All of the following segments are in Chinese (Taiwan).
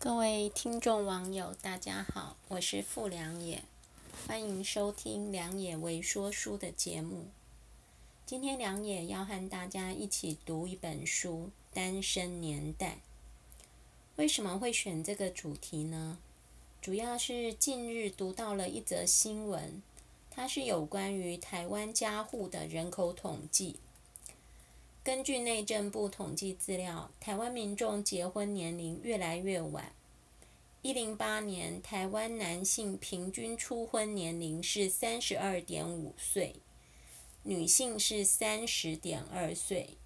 各位聽眾網友，大家好，我是傅良也，歡迎收聽良也微說書的節目。今天良也要和大家一起讀一本書《單身年代》。為什麼會選這個主題呢？主要是近日讀到了一則新聞，它是有關於台灣家戶的人口統計。根據內政部統計資料，台灣民眾結婚年齡越來越晚。一零八年，台灣男性平均初婚年齡是三十二點五歲，女性是三十點二歲。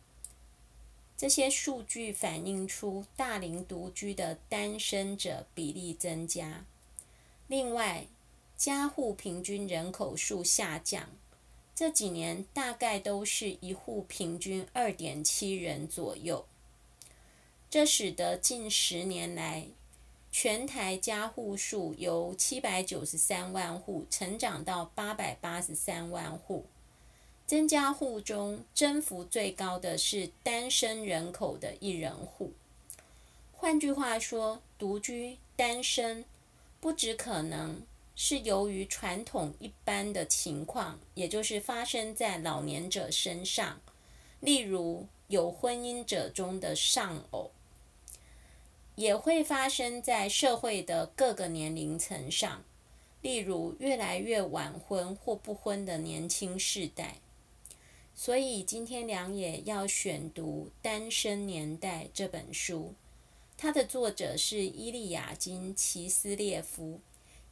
這些數據反映出大齡獨居的單身者比例增加。另外，家戶平均人口數下降。這幾年大概都是一戶平均二點七人左右，這使得近十年來全台家戶數由七百九十三萬戶成長到八百八十三萬戶，增加戶中增幅最高的是單身人口的一人戶，換句話說，獨居單身不只可能。是由於傳統一般的情況，也就是發生在老年者身上，例如有婚姻者中的喪偶，也會發生在社會的各個年齡層上，例如越來越晚婚或不婚的年輕世代。所以今天良也要選讀《單身年代》這本書，它的作者是伊利亞金・奇斯列夫。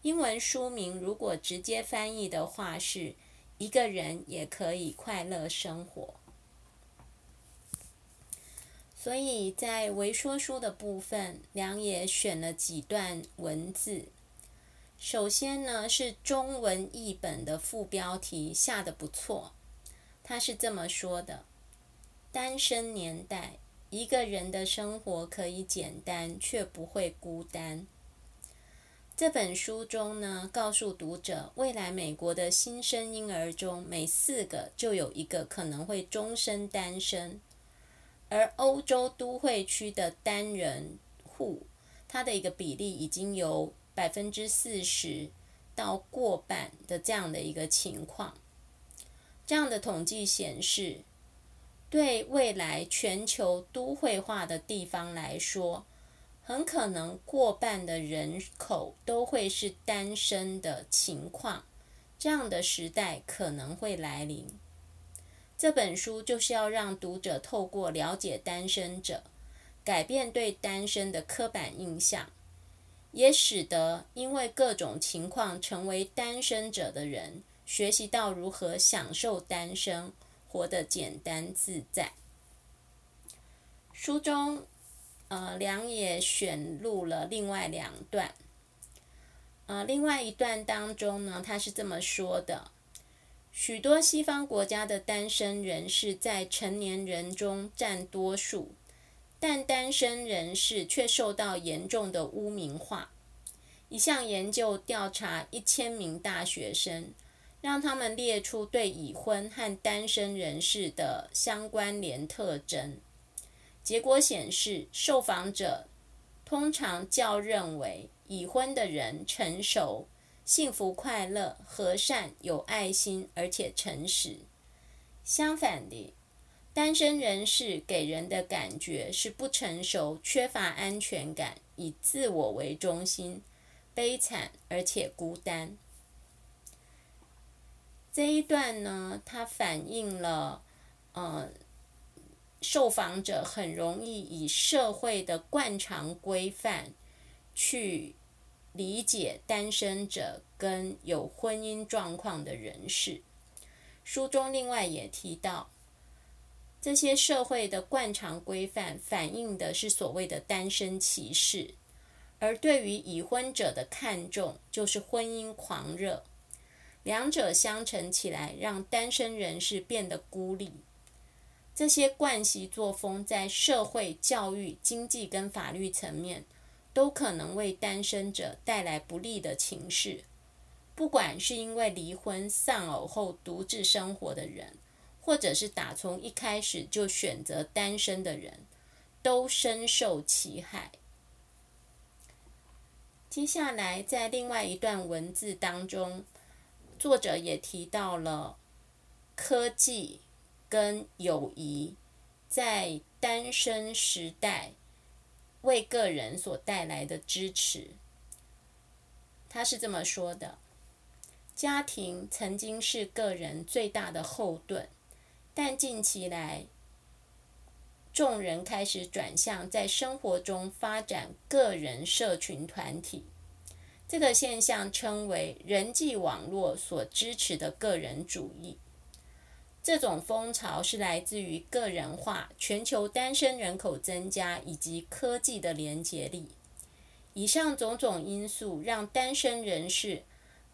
英文書名如果直接翻譯的話是“一個人也可以快樂生活”。所以在微說書的部分，良也選了幾段文字。首先呢是中文譯本的副標題下得不錯，它是這麼說的：“單身年代，一個人的生活可以簡單，卻不會孤單。”這本書中呢，告訴讀者，未來美國的新生嬰兒中，每四個就有一個可能會終身單身，而歐洲都會區的單人戶，它的一個比例已經由百分之四十到過半的這樣的一個情況。這樣的統計顯示，對未來全球都會化的地方來說，很可能過半的人口都會是單身的情況，這樣的時代可能會來臨。這本書就是要讓讀者透過了解單身者，改變對單身的刻板印象，也使得因為各種情況成為單身者的人，學習到如何享受單身，活得簡單自在。書中。呃，良也選錄了另外兩段。呃，另外一段當中呢，他是這麼說的：許多西方國家的單身人士在成年人中佔多數，但單身人士卻受到嚴重的污名化。一項研究調查一千名大學生，讓他們列出對已婚和單身人士的相關聯特徵。結果顯示，受訪者通常較認為已婚的人成熟、幸福、快樂、和善、有愛心，而且誠實。相反的，單身人士給人的感覺是不成熟、缺乏安全感、以自我為中心、悲慘而且孤單。這一段呢，它反映了，嗯、呃。受訪者很容易以社會的慣常規範去理解單身者跟有婚姻狀況的人士。書中另外也提到，這些社會的慣常規範反映的是所謂的單身歧視，而對於已婚者的看重就是婚姻狂熱，兩者相乘起來，讓單身人士變得孤立。這些慣習作風在社會、教育、經濟跟法律層面，都可能為單身者帶來不利的情勢。不管是因為離婚、喪偶後獨自生活的人，或者是打從一開始就選擇單身的人，都深受其害。接下來，在另外一段文字當中，作者也提到了科技。跟友誼在單身時代為個人所帶來的支持，他是這麼說的：家庭曾經是個人最大的後盾，但近期來，眾人開始轉向在生活中發展個人社群團體，這個現象稱為人際網絡所支持的個人主義。這種風潮是來自於個人化、全球單身人口增加以及科技的連結力。以上種種因素讓單身人士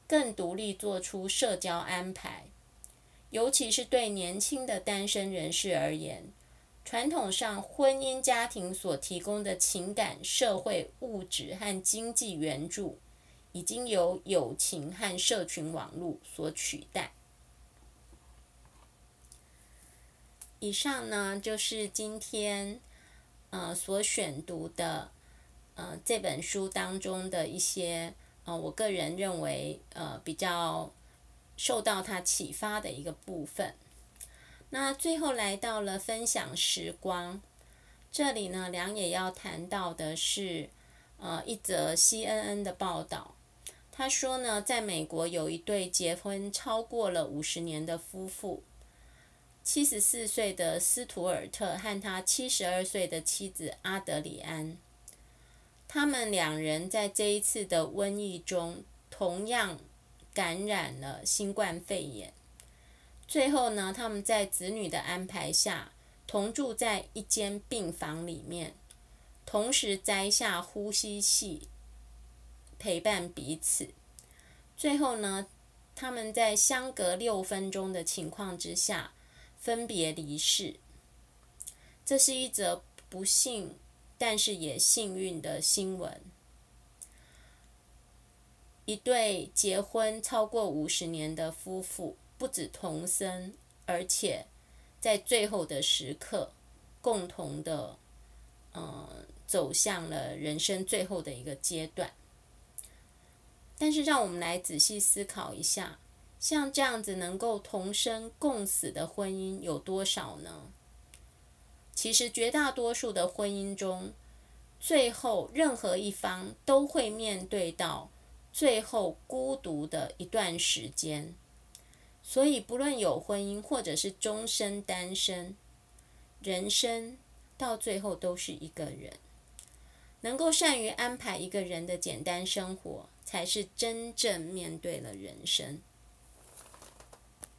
更獨立做出社交安排，尤其是對年輕的單身人士而言，傳統上婚姻家庭所提供的情感、社會、物質和經濟援助，已經由友情和社群網絡所取代。以上呢，就是今天呃所選讀的呃這本書當中的一些呃我個人認為呃比較受到他啟發的一個部分。那最後來到了分享時光，這裡呢良也要談到的是呃一則 CNN 的報道。他說呢，在美國有一對結婚超過了五十年的夫婦。七十四歲的斯圖爾特和他七十二歲的妻子阿德里安，他們兩人在這一次的瘟疫中同樣感染了新冠肺炎。最後呢，他們在子女的安排下，同住在一間病房裡面，同時摘下呼吸器陪伴彼此。最後呢，他們在相隔六分鐘的情況之下，分別離世，這是一則不幸，但是也幸運的新聞。一對結婚超過五十年的夫婦，不止同生，而且在最後的時刻，共同的，嗯、呃，走向了人生最後的一個階段。但是，讓我們來仔細思考一下。像這樣子能夠同生共死的婚姻有多少呢？其實絕大多數的婚姻中，最後任何一方都會面對到最後孤獨的一段時間。所以，不論有婚姻或者是終身單身，人生到最後都是一個人。能夠善於安排一個人的簡單生活，才是真正面對了人生。